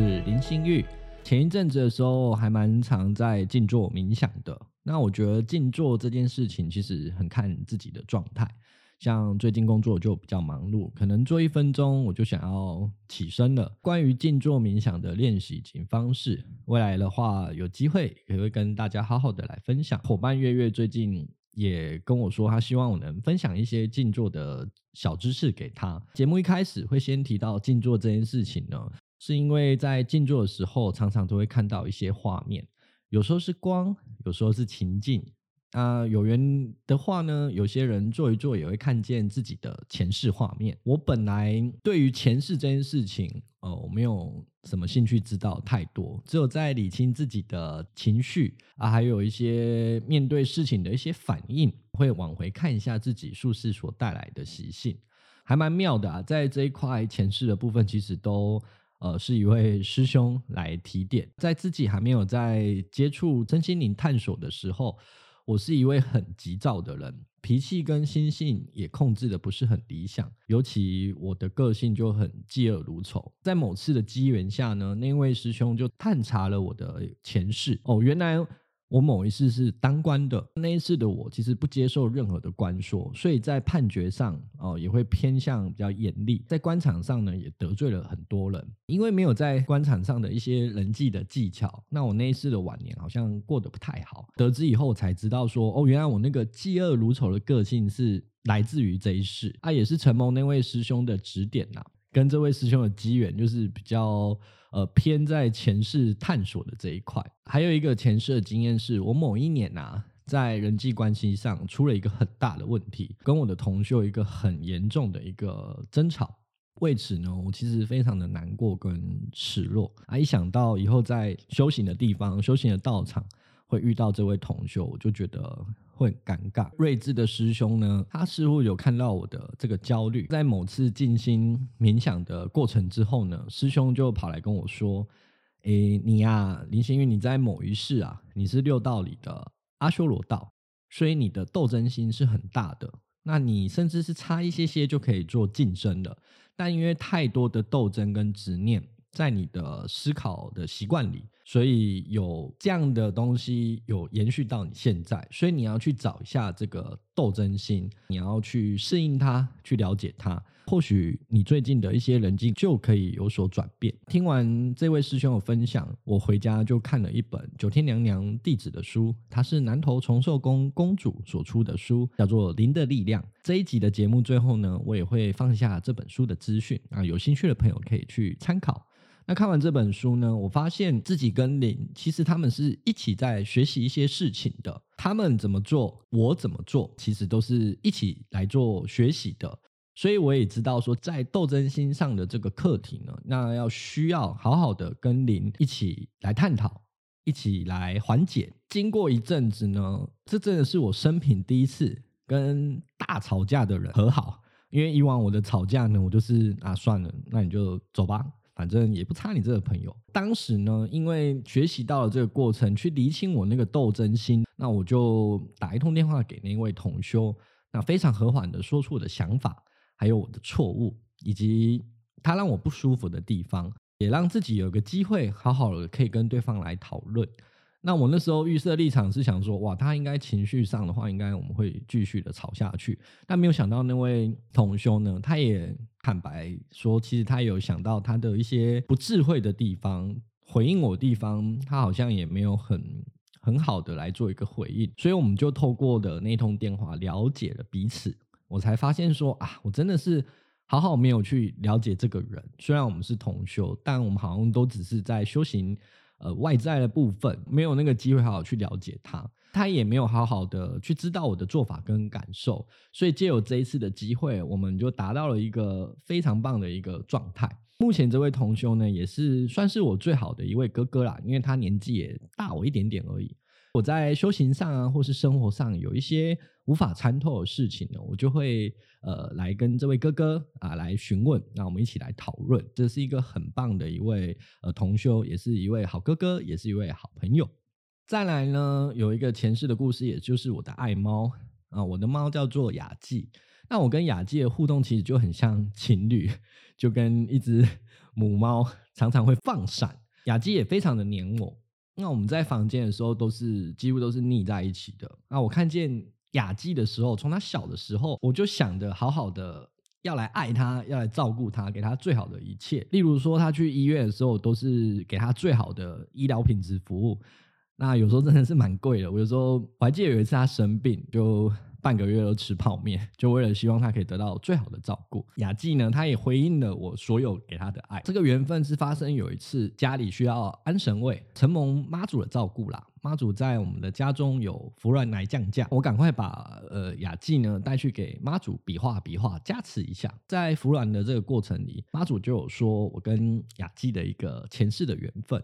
是林興裕，前一陣子的時候我還蠻常在靜坐冥想的。那我覺得靜坐這件事情其實很看自己的狀態，像最近工作就比較忙碌，可能做一分鐘我就想要起身了。關於靜坐冥想的練習以及方式，未來的話有機會也會跟大家好好的來分享。夥伴月月最近也跟我說，他希望我能分享一些靜坐的小知識給他。節目一開始會先提到靜坐這件事情呢。是因為在靜坐的時候，常常都會看到一些畫面，有時候是光，有時候是情境。啊，有緣的話呢，有些人坐一坐也會看見自己的前世畫面。我本來對於前世這件事情，呃，我沒有什麼興趣，知道太多。只有在理清自己的情緒啊，還有一些面對事情的一些反應，會往回看一下自己宿世所帶來的習性，還蠻妙的啊。在這一塊前世的部分，其實都。呃，是一位師兄來提點，在自己還沒有在接觸身心靈探索的時候，我是一位很急躁的人，脾氣跟心性也控制得不是很理想，尤其我的個性就很嫉惡如仇。在某次的機緣下呢，那位師兄就探查了我的前世，哦，原來。我某一世是當官的，那一世的我其實不接受任何的關說，所以在判決上哦也會偏向比較嚴厲，在官場上呢也得罪了很多人，因為沒有在官場上的一些人際的技巧，那我那一世的晚年好像過得不太好。得知以後才知道說哦，原來我那個嫉惡如仇的個性是來自於這一世，啊，也是承蒙那位師兄的指點吶、啊，跟這位師兄的機緣就是比較。呃，偏在前世探索的這一塊，還有一個前世的經驗是，我某一年吶、啊，在人際關係上出了一個很大的問題，跟我的同修一個很嚴重的一個爭吵，為此呢，我其實非常的難過跟失落啊，一想到以後在修行的地方、修行的道場會遇到這位同修，我就覺得，會很尷尬。睿智的師兄呢，他似乎有看到我的這個焦慮，在某次靜心冥想的過程之後呢，師兄就跑來跟我說：“誒，你呀、啊，林興裕，你在某一世啊，你是六道裡的阿修羅道，所以你的鬥爭心是很大的。那你甚至是差一些些就可以做晉升的，但因為太多的鬥爭跟執念，在你的思考的習慣裡。”所以有這樣的東西有延續到你現在，所以你要去找一下這個鬥爭心，你要去適應它，去了解它。或許你最近的一些人境就可以有所轉變。聽完這位師兄的分享，我回家就看了一本九天娘娘弟子的書，它是南投崇壽宮宮主所出的書，叫做《靈的力量》。這一集的節目最後呢，我也會放一下這本書的資訊啊，有興趣的朋友可以去參考。那看完這本書呢，我發現自己跟林其實他們是一起在學習一些事情的。他們怎麼做，我怎麼做，其實都是一起來做學習的。所以我也知道說，在鬥爭心上的這個課題呢，那要需要好好的跟林一起來探討，一起來緩解。經過一陣子呢，這真的是我生平第一次跟大吵架的人和好。因為以往我的吵架呢，我就是啊算了，那你就走吧。反正也不差你這個朋友。當時呢，因為學習到了這個過程，去釐清我那個鬥爭心，那我就打一通電話給那位同修，那非常和緩的說出我的想法，還有我的錯誤，以及他讓我不舒服的地方，也讓自己有個機會，好好的可以跟對方來討論。那我那時候預設立場是想說，哇，他應該情緒上的話，應該我們會繼續的吵下去。但沒有想到那位同修呢，他也坦白說，其實他有想到他的一些不智慧的地方，回應我的地方，他好像也沒有很很好的來做一個回應。所以我們就透過的那通電話了解了彼此，我才發現說，啊，我真的是好好沒有去了解這個人。雖然我們是同修，但我們好像都只是在修行。呃，外在的部分沒有那個機會好好去了解他，他也沒有好好的去知道我的做法跟感受，所以借由這一次的機會，我們就達到了一個非常棒的一個狀態。目前這位同修呢，也是算是我最好的一位哥哥啦，因為他年紀也大我一點點而已。我在修行上啊，或是生活上有一些。無法參透的事情呢，我就會呃來跟這位哥哥啊、呃、來詢問。那我們一起來討論，這是一個很棒的一位呃同修，也是一位好哥哥，也是一位好朋友。再來呢，有一個前世的故事，也就是我的愛貓啊，我的貓叫做雅季。那我跟雅季的互動其實就很像情侶，就跟一隻母貓常常會放閃，雅季也非常的黏我。那我們在房間的時候都是幾乎都是膩在一起的。那我看見。雅紀的時候，從他小的時候，我就想着好好的要來愛他，要來照顧他，給他最好的一切。例如說，他去醫院的時候，都是給他最好的醫療品質服務。那有時候真的是蠻貴的。我有時候我還記得有一次他生病就。半個月都吃泡麵，就為了希望他可以得到最好的照顧。雅紀呢，他也回應了我所有給他的愛。這個緣分是發生有一次家裡需要安神位，承蒙媽祖的照顧啦。媽祖在我們的家中有扶鸞來降駕，我趕快把呃雅紀呢帶去給媽祖比劃比劃，加持一下。在扶鸞的這個過程裡，媽祖就有說我跟雅紀的一個前世的緣分。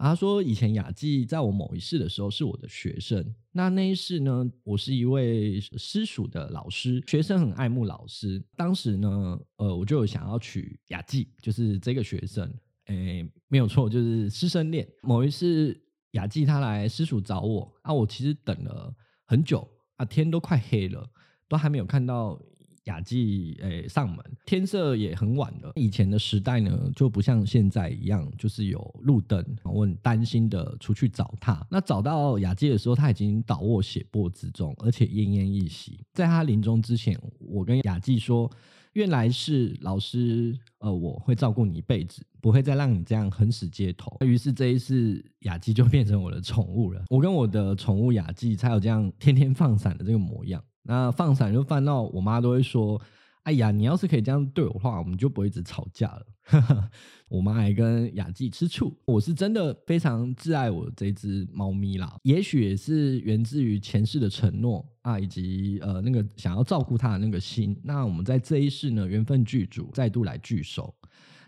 啊、他說：“以前雅紀在我某一世的時候是我的學生。那那一世呢，我是一位私塾的老師，學生很愛慕老師。當時呢，呃，我就想要娶雅紀，就是這個學生。誒，沒有錯，就是師生戀。某一次，雅紀他來私塾找我。啊，我其實等了很久，啊，天都快黑了，都還沒有看到。”雅紀，誒、欸，上門，天色也很晚了。以前的時代呢，就不像現在一樣，就是有路燈。我很擔心的出去找他。那找到雅紀的時候，他已經倒臥血泊之中，而且奄奄一息。在他臨終之前，我跟雅紀說：“願來世，老師，呃，我會照顧你一輩子，不會再讓你這樣橫死街頭。”於是這一次，雅紀就變成我的寵物了。我跟我的寵物雅紀才有這樣天天放閃的這個模樣。那放閃，就放到我媽都會說：“哎呀，你要是可以這樣對我的話，我們就不會一直吵架了。 ”我媽還跟亞紀吃醋。我是真的非常摯愛我這隻貓咪啦，也許也是源自於前世的承諾啊，以及呃那個想要照顧它的那個心。那我們在這一世呢，緣分具足，再度來聚首。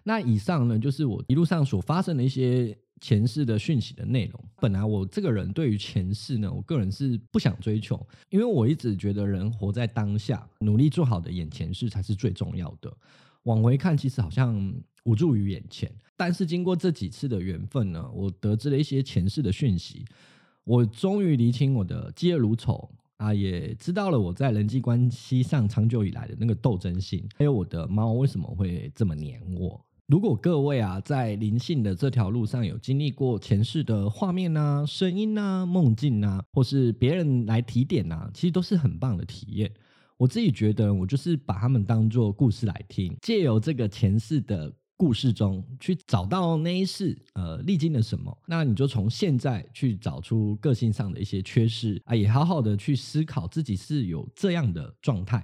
那以上呢，就是我一路上所發生的一些，前世的訊息的內容，本來我這個人對於前世呢，我個人是不想追求，因為我一直覺得人活在當下，努力做好的眼前事才是最重要的。往回看，其實好像無助於眼前。但是經過這幾次的緣分呢，我得知了一些前世的訊息，我終於理清我的嫉惡如仇啊，也知道了我在人際關係上長久以來的那個鬥爭性，還有我的貓為什麼會這麼黏我。如果各位啊，在靈性的這條路上有經歷過前世的畫面啊、聲音啊、夢境啊，或是別人來提點啊，其實都是很棒的體驗。我自己覺得，我就是把他們當作故事來聽，借由這個前世的故事中去找到那一世呃歷經了什麼，那你就從現在去找出個性上的一些缺失啊，也好好的去思考自己是有這樣的狀態。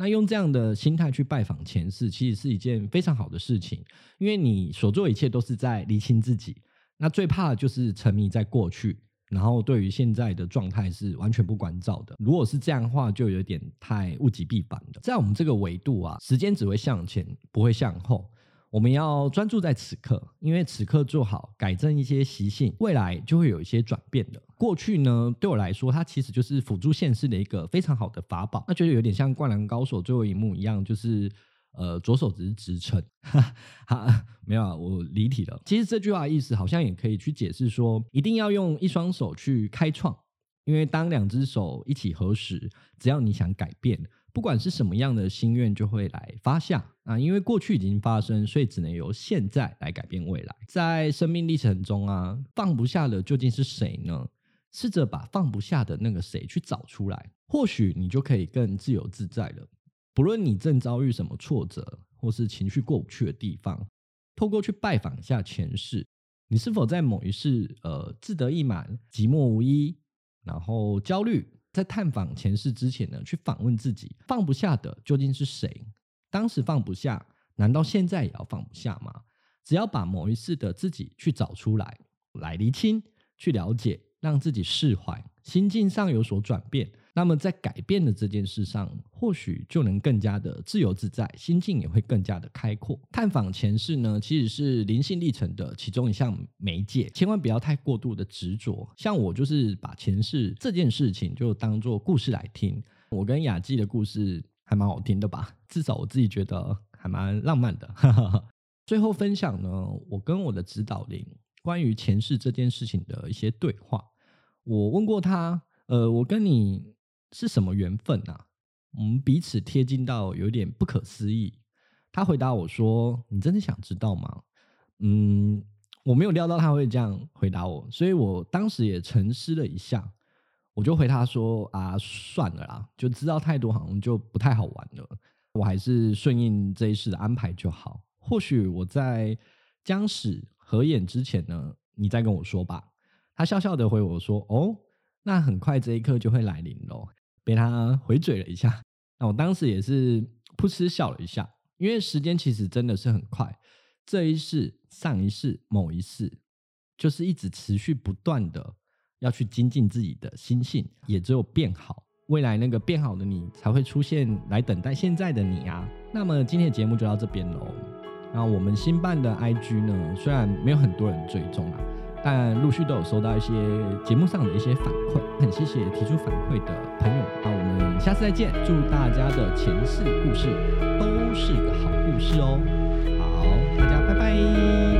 那用這樣的心態去拜訪前世，其實是一件非常好的事情，因為你所做一切都是在釐清自己。那最怕的就是沉迷在過去，然後對於現在的狀態是完全不關照的。如果是這樣的話，就有點太物極必反了。在我們這個維度啊，時間只會向前，不會向後。我們要專注在此刻，因為此刻做好，改正一些習性，未來就會有一些轉變的。過去呢，對我來說，它其實就是輔助現世的一個非常好的法寶。那覺得有點像《灌籃高手》最後一幕一樣，就是呃，左手只是支撐。哈哈、啊，沒有啊，我離題了。其實這句話的意思好像也可以去解釋說，一定要用一雙手去開創。因為當兩只手一起合十，只要你想改變，不管是什麼樣的心願，就會來發下啊。因為過去已經發生，所以只能由現在來改變未來。在生命歷程中啊，放不下的究竟是誰呢？試着把放不下的那個誰去找出來，或許你就可以更自由自在了。不論你正遭遇什麼挫折，或是情緒過不去的地方，透過去拜訪一下前世，你是否在某一世呃志得意滿、寂寞無依，然後焦慮？在探訪前世之前呢，去訪問自己放不下的究竟是誰？當時放不下，難道現在也要放不下嗎？只要把某一世的自己去找出來，來釐清、去了解。讓自己釋懷，心境上有所轉變，那麼在改變的這件事上，或許就能更加的自由自在，心境也會更加的開闊。探訪前世呢，其實是靈性歷程的其中一項媒介，千萬不要太過度的執着。像我就是把前世這件事情就當做故事來聽，我跟雅紀的故事還蠻好聽的吧，至少我自己覺得還蠻浪漫的。哈哈哈哈。最後分享呢，我跟我的指導靈。關於前世這件事情的一些對話，我問過他，呃，我跟你是什麼緣分啊？我們彼此貼近到有點不可思議。他回答我說：“你真的想知道嗎？”嗯，我沒有料到他會這樣回答我，所以我當時也沉思了一下，我就回他說：“啊，算了啦，就知道太多好像就不太好玩了，我還是順應這一世的安排就好。或許我在將死。”合眼之前呢，你再跟我說吧。他笑笑的回我說：“哦，那很快這一刻就會來臨咯。”被他回嘴了一下，那我當時也是噗嗤笑了一下，因為時間其實真的是很快。這一世、上一世、某一世，就是一直持續不斷的要去精進自己的心性，也只有變好，未來那個變好的你才會出現來等待現在的你啊。那麼今天的節目就到這邊嘍。那我們新辦的 IG 呢，雖然沒有很多人追蹤啊，但陸續都有收到一些節目上的一些反饋，很謝謝提出反饋的朋友。那我們下次再見，祝大家的前世故事都是個好故事哦。好，大家拜拜。